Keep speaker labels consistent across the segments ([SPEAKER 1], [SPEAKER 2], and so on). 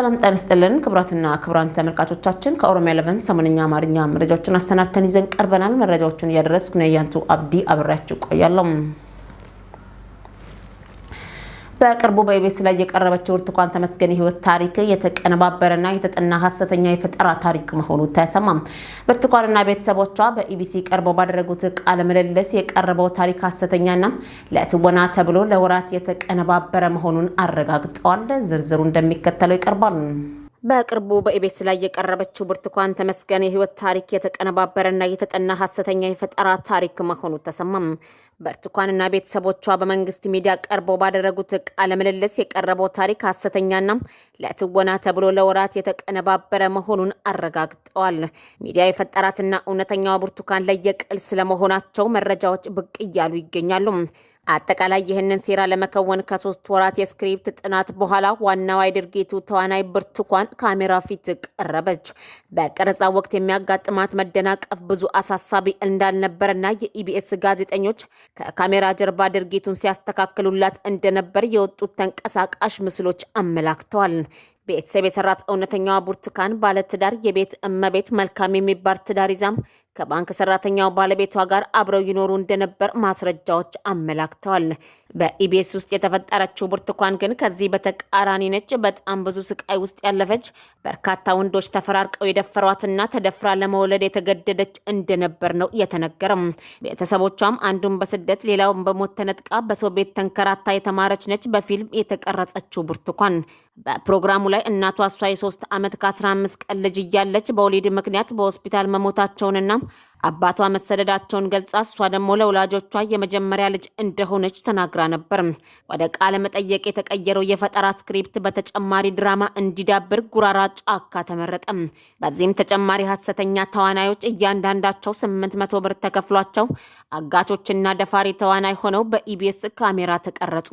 [SPEAKER 1] ሰላም ጤና ይስጥልን ክቡራትና ክቡራን ተመልካቾቻችን ከኦሮሚያ ኤሌቨን ሰሞነኛ አማርኛ መረጃዎችን አሰናድተን ይዘን ቀርበናል። መረጃዎቹን እያደረስኩ ነው ያንቱ አብዲ አብሬያችሁ ቆያለሁ። በቅርቡ በኢቢኤስ ላይ የቀረበችው ብርቱካን ተመስገን የህይወት ታሪክ የተቀነባበረና የተጠና ሀሰተኛ የፈጠራ ታሪክ መሆኑ ተሰማም። ብርቱካንና ቤተሰቦቿ በኢቢሲ ቀርበው ባደረጉት ቃለ ምልልስ የቀረበው ታሪክ ሀሰተኛና ለትወና ተብሎ ለወራት የተቀነባበረ መሆኑን አረጋግጠዋል። ዝርዝሩ እንደሚከተለው ይቀርባል። በቅርቡ በኢቤስ ላይ የቀረበችው ብርቱካን ተመስገን የህይወት ታሪክ የተቀነባበረና የተጠና ሀሰተኛ የፈጠራ ታሪክ መሆኑ ተሰማም። ብርቱካንና ቤተሰቦቿ በመንግስት ሚዲያ ቀርበው ባደረጉት ቃለ ምልልስ የቀረበው ታሪክ ሀሰተኛና ለትወና ተብሎ ለወራት የተቀነባበረ መሆኑን አረጋግጠዋል። ሚዲያ የፈጠራትና እውነተኛዋ ብርቱካን ለየቅል ስለመሆናቸው መረጃዎች ብቅ እያሉ ይገኛሉ። አጠቃላይ ይህንን ሴራ ለመከወን ከሶስት ወራት የስክሪፕት ጥናት በኋላ ዋናዋ የድርጊቱ ተዋናይ ብርቱካን ካሜራ ፊት ቀረበች። በቀረጻ ወቅት የሚያጋጥማት መደናቀፍ ብዙ አሳሳቢ እንዳልነበረና የኢቢኤስ ጋዜጠኞች ከካሜራ ጀርባ ድርጊቱን ሲያስተካክሉላት እንደነበር የወጡት ተንቀሳቃሽ ምስሎች አመላክተዋል። ቤተሰብ የሰራት እውነተኛዋ ብርቱካን ባለትዳር የቤት እመቤት መልካም የሚባል ትዳር ይዛም ከባንክ ሰራተኛው ባለቤቷ ጋር አብረው ይኖሩ እንደነበር ማስረጃዎች አመላክተዋል። በኢቢኤስ ውስጥ የተፈጠረችው ብርቱካን ግን ከዚህ በተቃራኒ ነች። በጣም ብዙ ስቃይ ውስጥ ያለፈች፣ በርካታ ወንዶች ተፈራርቀው የደፈሯትና ተደፍራ ለመውለድ የተገደደች እንደነበር ነው የተነገረም። ቤተሰቦቿም አንዱን በስደት ሌላውን በሞት ተነጥቃ በሰው ቤት ተንከራታ የተማረች ነች። በፊልም የተቀረጸችው ብርቱካን በፕሮግራሙ ላይ እናቷ እሷ የሶስት ዓመት ከ15 ቀን ልጅ እያለች በወሊድ ምክንያት በሆስፒታል መሞታቸውንና አባቷ መሰደዳቸውን ገልጻ እሷ ደግሞ ለወላጆቿ የመጀመሪያ ልጅ እንደሆነች ተናግራ ነበር። ወደ ቃለ መጠየቅ የተቀየረው የፈጠራ ስክሪፕት በተጨማሪ ድራማ እንዲዳብር ጉራራ ጫካ ተመረጠ። በዚህም ተጨማሪ ሀሰተኛ ተዋናዮች እያንዳንዳቸው 800 መቶ ብር ተከፍሏቸው አጋቾችና ደፋሪ ተዋናይ ሆነው በኢቢኤስ ካሜራ ተቀረጹ።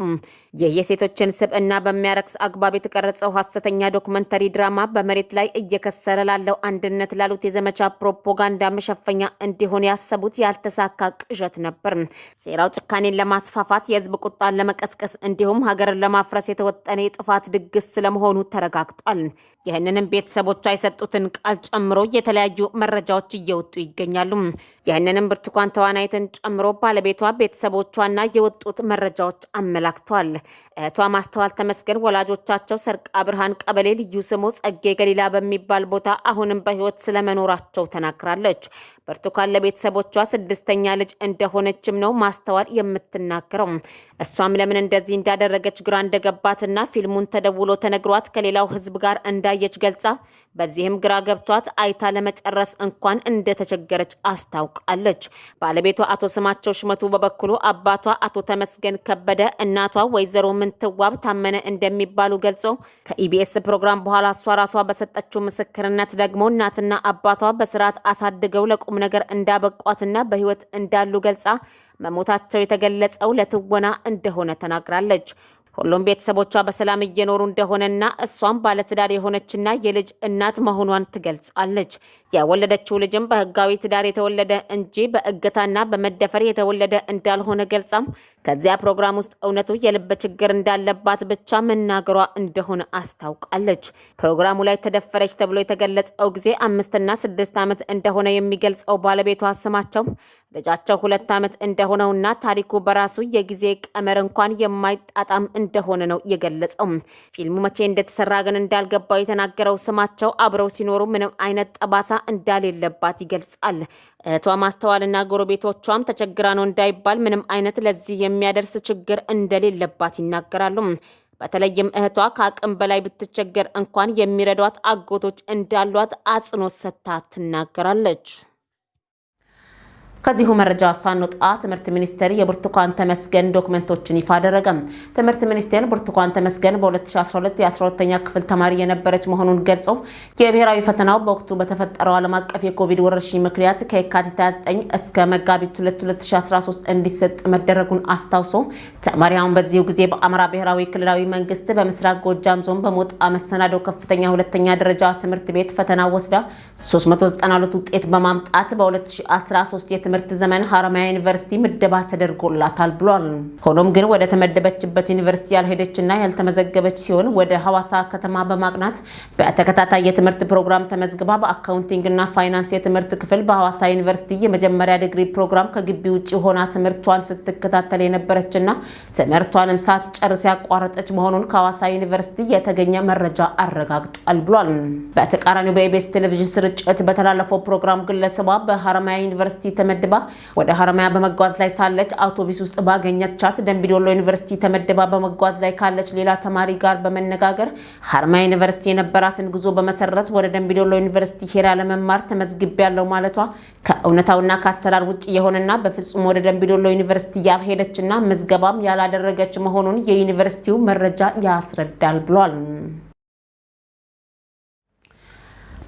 [SPEAKER 1] ይህ የሴቶችን ስብዕና በሚያረክስ አግባብ የተቀረጸው ሀሰተኛ ዶክመንተሪ ድራማ በመሬት ላይ እየከሰረ ላለው አንድነት ላሉት የዘመቻ ፕሮፓጋንዳ መሸፈኛ እንዲሆን ያሰቡት ያልተሳካ ቅዠት ነበር። ሴራው ጭካኔን ለማስፋፋት፣ የህዝብ ቁጣን ለመቀስቀስ እንዲሁም ሀገርን ለማፍረስ የተወጠነ የጥፋት ድግስ ስለመሆኑ ተረጋግጧል። ይህንንም ቤተሰቦቿ የሰጡትን ቃል ጨምሮ የተለያዩ መረጃዎች እየወጡ ይገኛሉ። ይህንንም ብርቱካን ተዋናይትን ጨምሮ ባለቤቷ ቤተሰቦቿና የወጡት መረጃዎች አመላክቷል። እህቷ ማስተዋል ተመስገን ወላጆቻቸው ሰርቃ ብርሃን ቀበሌ ልዩ ስሙ ጸጌ ገሊላ በሚባል ቦታ አሁንም በሕይወት ስለመኖራቸው ተናግራለች። ብርቱካን ለቤተሰቦቿ ስድስተኛ ልጅ እንደሆነችም ነው ማስተዋል የምትናገረው። እሷም ለምን እንደዚህ እንዳደረገች ግራ እንደገባትና ፊልሙን ተደውሎ ተነግሯት ከሌላው ህዝብ ጋር እንዳየች ገልጻ በዚህም ግራ ገብቷት አይታ ለመጨረስ እንኳን እንደተቸገረች አስታውቃለች። ባለቤቷ አቶ ስማቸው ሽመቱ በበኩሉ አባቷ አቶ ተመስገን ከበደ፣ እናቷ ወይዘሮ ምንትዋብ ታመነ እንደሚባሉ ገልጾ ከኢቢኤስ ፕሮግራም በኋላ እሷ ራሷ በሰጠችው ምስክርነት ደግሞ እናትና አባቷ በስርዓት አሳድገው ለቁም ነገር እንዳበቋትና በህይወት እንዳሉ ገልጻ መሞታቸው የተገለጸው ለትወና እንደሆነ ተናግራለች። ሁሉም ቤተሰቦቿ በሰላም እየኖሩ እንደሆነና እሷም ባለትዳር የሆነችና የልጅ እናት መሆኗን ትገልጻለች። የወለደችው ልጅም በህጋዊ ትዳር የተወለደ እንጂ በእገታና በመደፈር የተወለደ እንዳልሆነ ገልጻም ከዚያ ፕሮግራም ውስጥ እውነቱ የልብ ችግር እንዳለባት ብቻ መናገሯ እንደሆነ አስታውቃለች። ፕሮግራሙ ላይ ተደፈረች ተብሎ የተገለጸው ጊዜ አምስትና ስድስት ዓመት እንደሆነ የሚገልጸው ባለቤቷ ስማቸው ልጃቸው ሁለት ዓመት እንደሆነውና ታሪኩ በራሱ የጊዜ ቀመር እንኳን የማይጣጣም እንደሆነ ነው የገለጸው። ፊልሙ መቼ እንደተሰራ ግን እንዳልገባው የተናገረው ስማቸው አብረው ሲኖሩ ምንም አይነት ጠባሳ እንዳሌለባት ይገልጻል። እህቷ ማስተዋልና ጎረቤቶቿም ተቸግራ ነው እንዳይባል ምንም አይነት ለዚህ የሚያደርስ ችግር እንደሌለባት ይናገራሉ። በተለይም እህቷ ከአቅም በላይ ብትቸገር እንኳን የሚረዷት አጎቶች እንዳሏት አጽንኦት ሰጥታ ትናገራለች። ከዚሁ መረጃ ሳንወጣ ትምህርት ሚኒስቴር የብርቱካን ተመስገን ዶክመንቶችን ይፋ አደረገ። ትምህርት ሚኒስቴር ብርቱካን ተመስገን በ2012 የ12ኛ ክፍል ተማሪ የነበረች መሆኑን ገልጾ የብሔራዊ ፈተናው በወቅቱ በተፈጠረው ዓለም አቀፍ የኮቪድ ወረርሽኝ ምክንያት ከየካቲት 29 እስከ መጋቢት 2013 እንዲሰጥ መደረጉን አስታውሶ ተማሪያውን በዚሁ ጊዜ በአማራ ብሔራዊ ክልላዊ መንግስት በምስራቅ ጎጃም ዞን በሞጣ መሰናዶ ከፍተኛ ሁለተኛ ደረጃ ትምህርት ቤት ፈተና ወስዳ 392 ውጤት በማምጣት በ2013 የትምህርት የትምህርት ዘመን ሀረማያ ዩኒቨርሲቲ ምደባ ተደርጎላታል ብሏል። ሆኖም ግን ወደ ተመደበችበት ዩኒቨርሲቲ ያልሄደችና ያልተመዘገበች ሲሆን ወደ ሐዋሳ ከተማ በማቅናት በተከታታይ የትምህርት ፕሮግራም ተመዝግባ በአካውንቲንግና ፋይናንስ የትምህርት ክፍል በሐዋሳ ዩኒቨርሲቲ የመጀመሪያ ዲግሪ ፕሮግራም ከግቢ ውጭ ሆና ትምህርቷን ስትከታተል የነበረችና ትምህርቷንም ሳትጨርስ ያቋረጠች መሆኑን ከሐዋሳ ዩኒቨርሲቲ የተገኘ መረጃ አረጋግጧል ብሏል። በተቃራኒው በኢቢኤስ ቴሌቪዥን ስርጭት በተላለፈው ፕሮግራም ግለሰቧ በሀረማያ ዩኒቨርሲቲ ተመደ ተመድባ ወደ ሀረማያ በመጓዝ ላይ ሳለች አውቶቡስ ውስጥ ባገኘቻት ደምቢዶሎ ዩኒቨርሲቲ ተመድባ በመጓዝ ላይ ካለች ሌላ ተማሪ ጋር በመነጋገር ሀረማያ ዩኒቨርሲቲ የነበራትን ጉዞ በመሰረት ወደ ደምቢዶሎ ዩኒቨርሲቲ ሄዳ ለመማር ያለው ማለቷ ከእውነታውና ከአሰራር ውጭ የሆነና በፍጹም ወደ ደምቢዶሎ ዩኒቨርሲቲ ያልሄደችና ምዝገባም ያላደረገች መሆኑን የዩኒቨርሲቲው መረጃ ያስረዳል ብሏል።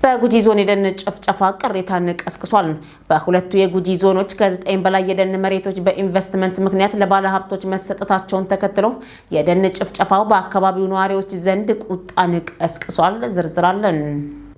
[SPEAKER 1] በጉጂ ዞን የደን ጭፍጨፋ ቅሬታን ቀስቅሷል። በሁለቱ የጉጂ ዞኖች ከ9 በላይ የደን መሬቶች በኢንቨስትመንት ምክንያት ለባለ ሀብቶች መሰጠታቸውን ተከትሎ የደን ጭፍጨፋው በአካባቢው ነዋሪዎች ዘንድ ቁጣን ቀስቅሷል። ዝርዝራለን።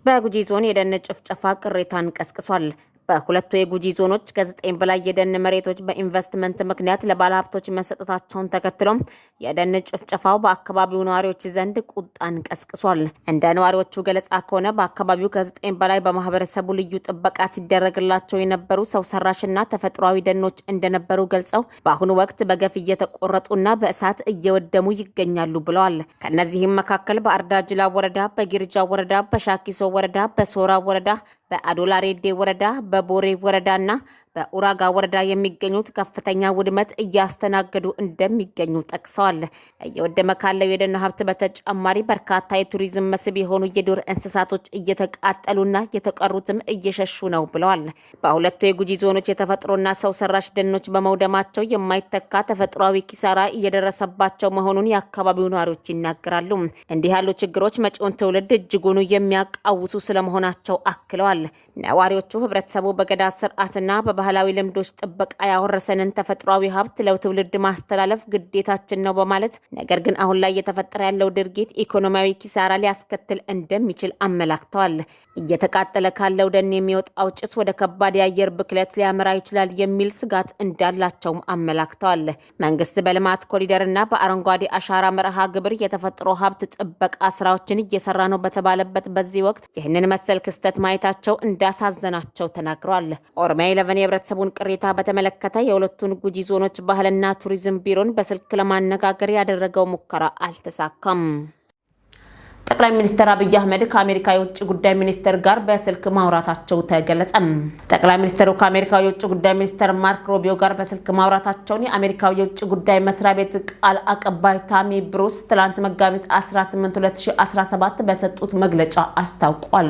[SPEAKER 1] በጉጂ ዞን የደን ጭፍጨፋ ቅሬታን ቀስቅሷል። በሁለቱ የጉጂ ዞኖች ከዘጠኝ በላይ የደን መሬቶች በኢንቨስትመንት ምክንያት ለባለሀብቶች መሰጠታቸውን ተከትሎም የደን ጭፍጨፋው በአካባቢው ነዋሪዎች ዘንድ ቁጣን ቀስቅሷል። እንደ ነዋሪዎቹ ገለጻ ከሆነ በአካባቢው ከዘጠኝ በላይ በማህበረሰቡ ልዩ ጥበቃ ሲደረግላቸው የነበሩ ሰው ሰራሽና ተፈጥሯዊ ደኖች እንደነበሩ ገልጸው በአሁኑ ወቅት በገፍ እየተቆረጡና በእሳት እየወደሙ ይገኛሉ ብለዋል። ከእነዚህም መካከል በአርዳጅላ ወረዳ፣ በጊርጃ ወረዳ፣ በሻኪሶ ወረዳ፣ በሶራ ወረዳ በአዶላ ሬዴ ወረዳ፣ በቦሬ ወረዳና በኡራጋ ወረዳ የሚገኙት ከፍተኛ ውድመት እያስተናገዱ እንደሚገኙ ጠቅሰዋል። እየወደመ ካለው የደን ሀብት በተጨማሪ በርካታ የቱሪዝም መስህብ የሆኑ የዱር እንስሳቶች እየተቃጠሉና የተቀሩትም እየሸሹ ነው ብለዋል። በሁለቱ የጉጂ ዞኖች የተፈጥሮና ሰው ሰራሽ ደኖች በመውደማቸው የማይተካ ተፈጥሯዊ ኪሳራ እየደረሰባቸው መሆኑን የአካባቢው ነዋሪዎች ይናገራሉ። እንዲህ ያሉ ችግሮች መጪውን ትውልድ እጅጉኑ የሚያቃውሱ ስለመሆናቸው አክለዋል። ነዋሪዎቹ ህብረተሰቡ በገዳ ስርዓትና በባ ባህላዊ ልምዶች ጥበቃ ያወረሰንን ተፈጥሯዊ ሀብት ለትውልድ ማስተላለፍ ግዴታችን ነው በማለት ነገር ግን አሁን ላይ እየተፈጠረ ያለው ድርጊት ኢኮኖሚያዊ ኪሳራ ሊያስከትል እንደሚችል አመላክተዋል። እየተቃጠለ ካለው ደን የሚወጣው ጭስ ወደ ከባድ የአየር ብክለት ሊያመራ ይችላል የሚል ስጋት እንዳላቸውም አመላክተዋል። መንግስት በልማት ኮሪደርና በአረንጓዴ አሻራ መርሃ ግብር የተፈጥሮ ሀብት ጥበቃ ስራዎችን እየሰራ ነው በተባለበት በዚህ ወቅት ይህንን መሰል ክስተት ማየታቸው እንዳሳዘናቸው ተናግሯል። ኦሮሚያ ኢለቨን የህብረተሰቡን ቅሬታ በተመለከተ የሁለቱን ጉጂ ዞኖች ባህልና ቱሪዝም ቢሮን በስልክ ለማነጋገር ያደረገው ሙከራ አልተሳካም። ጠቅላይ ሚኒስትር አብይ አህመድ ከአሜሪካ የውጭ ጉዳይ ሚኒስትር ጋር በስልክ ማውራታቸው ተገለጸ። ጠቅላይ ሚኒስትሩ ከአሜሪካዊ የውጭ ጉዳይ ሚኒስትር ማርክ ሮቢዮ ጋር በስልክ ማውራታቸውን የአሜሪካው የውጭ ጉዳይ መስሪያ ቤት ቃል አቀባይ ታሚ ብሩስ ትላንት መጋቢት 18 2017 በሰጡት መግለጫ አስታውቋል።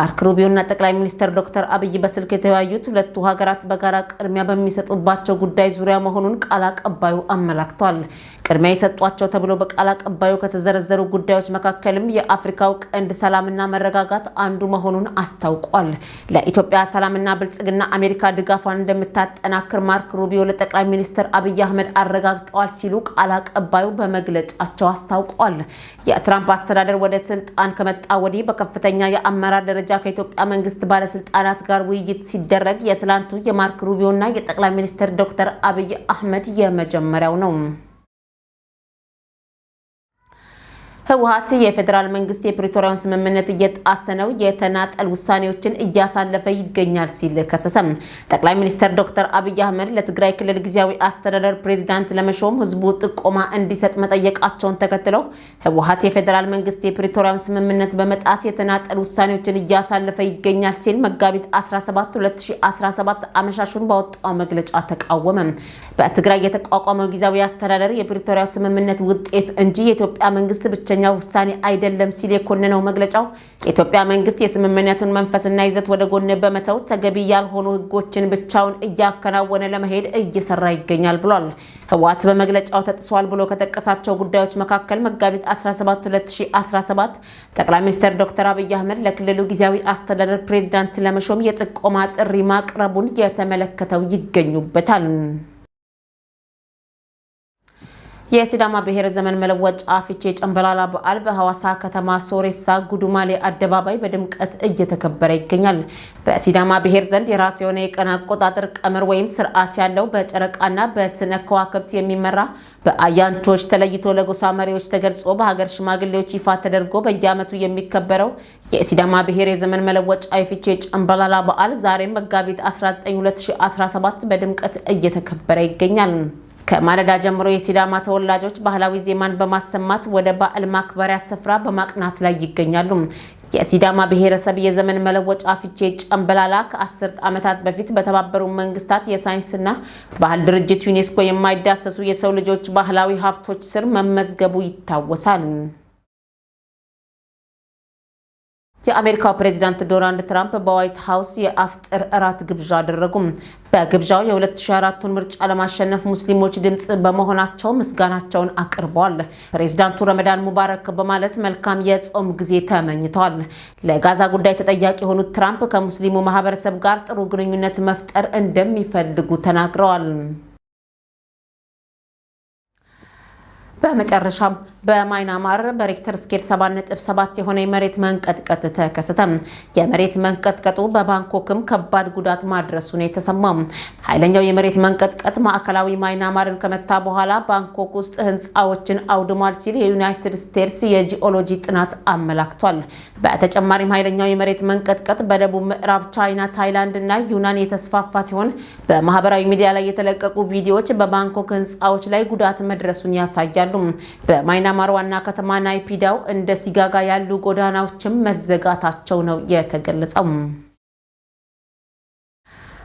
[SPEAKER 1] ማርክ ሩቢዮ ጠቅላይ ሚኒስትር ዶክተር አብይ በስልክ የተወያዩት ሁለቱ ሀገራት በጋራ ቅድሚያ በሚሰጡባቸው ጉዳይ ዙሪያ መሆኑን ቃል አቀባዩ አመላክተዋል። ቅድሚያ የሰጧቸው ተብሎ በቃል አቀባዩ ከተዘረዘሩ ጉዳዮች መካከልም የአፍሪካው ቀንድ ሰላምና መረጋጋት አንዱ መሆኑን አስታውቋል። ለኢትዮጵያ ሰላምና ብልጽግና አሜሪካ ድጋፏን እንደምታጠናክር ማርክ ሩቢዮ ለጠቅላይ ሚኒስትር አብይ አህመድ አረጋግጠዋል ሲሉ ቃል አቀባዩ በመግለጫቸው አስታውቋል። የትራምፕ አስተዳደር ወደ ስልጣን ከመጣ ወዲህ በከፍተኛ የአመራር ደረጃ ከኢትዮጵያ መንግስት ባለስልጣናት ጋር ውይይት ሲደረግ የትላንቱ የማርክ ሩቢዮና የጠቅላይ ሚኒስትር ዶክተር አብይ አህመድ የመጀመሪያው ነው። ህወሀት የፌዴራል መንግስት የፕሪቶሪያውን ስምምነት እየጣሰ ነው፣ የተናጠል ውሳኔዎችን እያሳለፈ ይገኛል ሲል ከሰሰም። ጠቅላይ ሚኒስትር ዶክተር አብይ አህመድ ለትግራይ ክልል ጊዜያዊ አስተዳደር ፕሬዚዳንት ለመሾም ህዝቡ ጥቆማ እንዲሰጥ መጠየቃቸውን ተከትለው ህወሀት የፌዴራል መንግስት የፕሪቶሪያውን ስምምነት በመጣስ የተናጠል ውሳኔዎችን እያሳለፈ ይገኛል ሲል መጋቢት 17 2017 አመሻሹን ባወጣው መግለጫ ተቃወመ። በትግራይ የተቋቋመው ጊዜያዊ አስተዳደር የፕሪቶሪያው ስምምነት ውጤት እንጂ የኢትዮጵያ መንግስት ብቻ ብቸኛ ውሳኔ አይደለም ሲል የኮነነው መግለጫው የኢትዮጵያ መንግስት የስምምነቱን መንፈስና ይዘት ወደ ጎን በመተው ተገቢ ያልሆኑ ህጎችን ብቻውን እያከናወነ ለመሄድ እየሰራ ይገኛል ብሏል። ህወሓት በመግለጫው ተጥሷል ብሎ ከጠቀሳቸው ጉዳዮች መካከል መጋቢት 17 2017 ጠቅላይ ሚኒስትር ዶክተር አብይ አህመድ ለክልሉ ጊዜያዊ አስተዳደር ፕሬዚዳንት ለመሾም የጥቆማ ጥሪ ማቅረቡን የተመለከተው ይገኙበታል። የሲዳማ ብሔር ዘመን መለወጫ አፍቼ ጨምበላላ በዓል በሐዋሳ ከተማ ሶሬሳ ጉዱማሌ አደባባይ በድምቀት እየተከበረ ይገኛል። በሲዳማ ብሔር ዘንድ የራስ የሆነ የቀን አቆጣጠር ቀመር ወይም ስርዓት ያለው በጨረቃና በስነ ከዋክብት የሚመራ በአያንቶች ተለይቶ ለጎሳ መሪዎች ተገልጾ በሀገር ሽማግሌዎች ይፋ ተደርጎ በየዓመቱ የሚከበረው የሲዳማ ብሔር የዘመን መለወጫ አይፍቼ ጨምበላላ በዓል ዛሬም መጋቢት 19 2017 በድምቀት እየተከበረ ይገኛል። ከማለዳ ጀምሮ የሲዳማ ተወላጆች ባህላዊ ዜማን በማሰማት ወደ በዓል ማክበሪያ ስፍራ በማቅናት ላይ ይገኛሉ። የሲዳማ ብሔረሰብ የዘመን መለወጫ ፊቼ ጨምበላላ 10 ዓመታት በፊት በተባበሩ መንግስታት የሳይንስና ባህል ድርጅት ዩኔስኮ የማይዳሰሱ የሰው ልጆች ባህላዊ ሀብቶች ስር መመዝገቡ ይታወሳል። የአሜሪካው ፕሬዚዳንት ዶናልድ ትራምፕ በዋይት ሀውስ የአፍጥር እራት ግብዣ አደረጉም። በግብዣው የ2024ቱን ምርጫ ለማሸነፍ ሙስሊሞች ድምፅ በመሆናቸው ምስጋናቸውን አቅርበዋል። ፕሬዚዳንቱ ረመዳን ሙባረክ በማለት መልካም የጾም ጊዜ ተመኝተዋል። ለጋዛ ጉዳይ ተጠያቂ የሆኑት ትራምፕ ከሙስሊሙ ማህበረሰብ ጋር ጥሩ ግንኙነት መፍጠር እንደሚፈልጉ ተናግረዋል። በመጨረሻም በማይናማር በሬክተር ስኬል 7.7 የሆነ የመሬት መንቀጥቀጥ ተከሰተ። የመሬት መንቀጥቀጡ በባንኮክም ከባድ ጉዳት ማድረሱ ነው የተሰማው። ኃይለኛው የመሬት መንቀጥቀጥ ማዕከላዊ ማይናማርን ከመታ በኋላ ባንኮክ ውስጥ ህንፃዎችን አውድሟል ሲል የዩናይትድ ስቴትስ የጂኦሎጂ ጥናት አመላክቷል። በተጨማሪም ኃይለኛው የመሬት መንቀጥቀጥ በደቡብ ምዕራብ ቻይና፣ ታይላንድ እና ዩናን የተስፋፋ ሲሆን በማህበራዊ ሚዲያ ላይ የተለቀቁ ቪዲዮዎች በባንኮክ ህንፃዎች ላይ ጉዳት መድረሱን ያሳያሉ። አይቻሉም። በማይናማር ዋና ከተማ ናይፒዳው እንደ ሲጋጋ ያሉ ጎዳናዎችም መዘጋታቸው ነው የተገለጸው።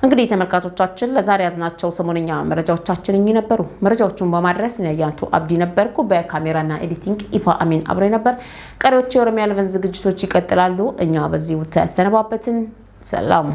[SPEAKER 1] እንግዲህ ተመልካቾቻችን ለዛሬ ያዝናቸው ሰሞነኛ መረጃዎቻችን እኚህ ነበሩ። መረጃዎቹን በማድረስ ነያንቱ አብዲ ነበርኩ። በካሜራና ኤዲቲንግ ኢፋ አሚን አብሬ ነበር። ቀሪዎቹ የኦሮሚያ ለቨን ዝግጅቶች ይቀጥላሉ። እኛ በዚህ ውታ ያሰነባበትን ሰላም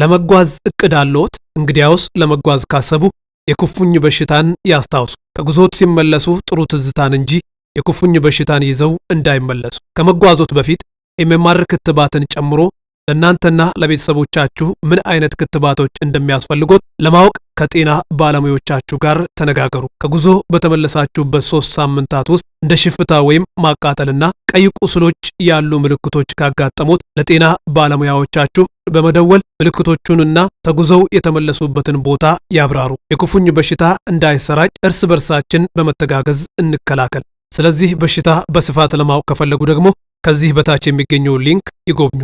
[SPEAKER 2] ለመጓዝ እቅድ አለዎት? እንግዲያውስ ለመጓዝ ካሰቡ የኩፍኝ በሽታን ያስታውሱ። ከጉዞት ሲመለሱ ጥሩ ትዝታን እንጂ የኩፍኝ በሽታን ይዘው እንዳይመለሱ። ከመጓዞት በፊት ኤምኤምአር ክትባትን ጨምሮ ለእናንተና ለቤተሰቦቻችሁ ምን አይነት ክትባቶች እንደሚያስፈልጎት ለማወቅ ከጤና ባለሙያዎቻችሁ ጋር ተነጋገሩ። ከጉዞ በተመለሳችሁበት ሶስት ሳምንታት ውስጥ እንደ ሽፍታ ወይም ማቃጠልና ቀይ ቁስሎች ያሉ ምልክቶች ካጋጠሙት ለጤና ባለሙያዎቻችሁ በመደወል ምልክቶቹንና ተጉዘው የተመለሱበትን ቦታ ያብራሩ። የኩፍኝ በሽታ እንዳይሰራጭ እርስ በርሳችን በመተጋገዝ እንከላከል። ስለዚህ በሽታ በስፋት ለማወቅ ከፈለጉ ደግሞ ከዚህ በታች የሚገኘው ሊንክ ይጎብኙ።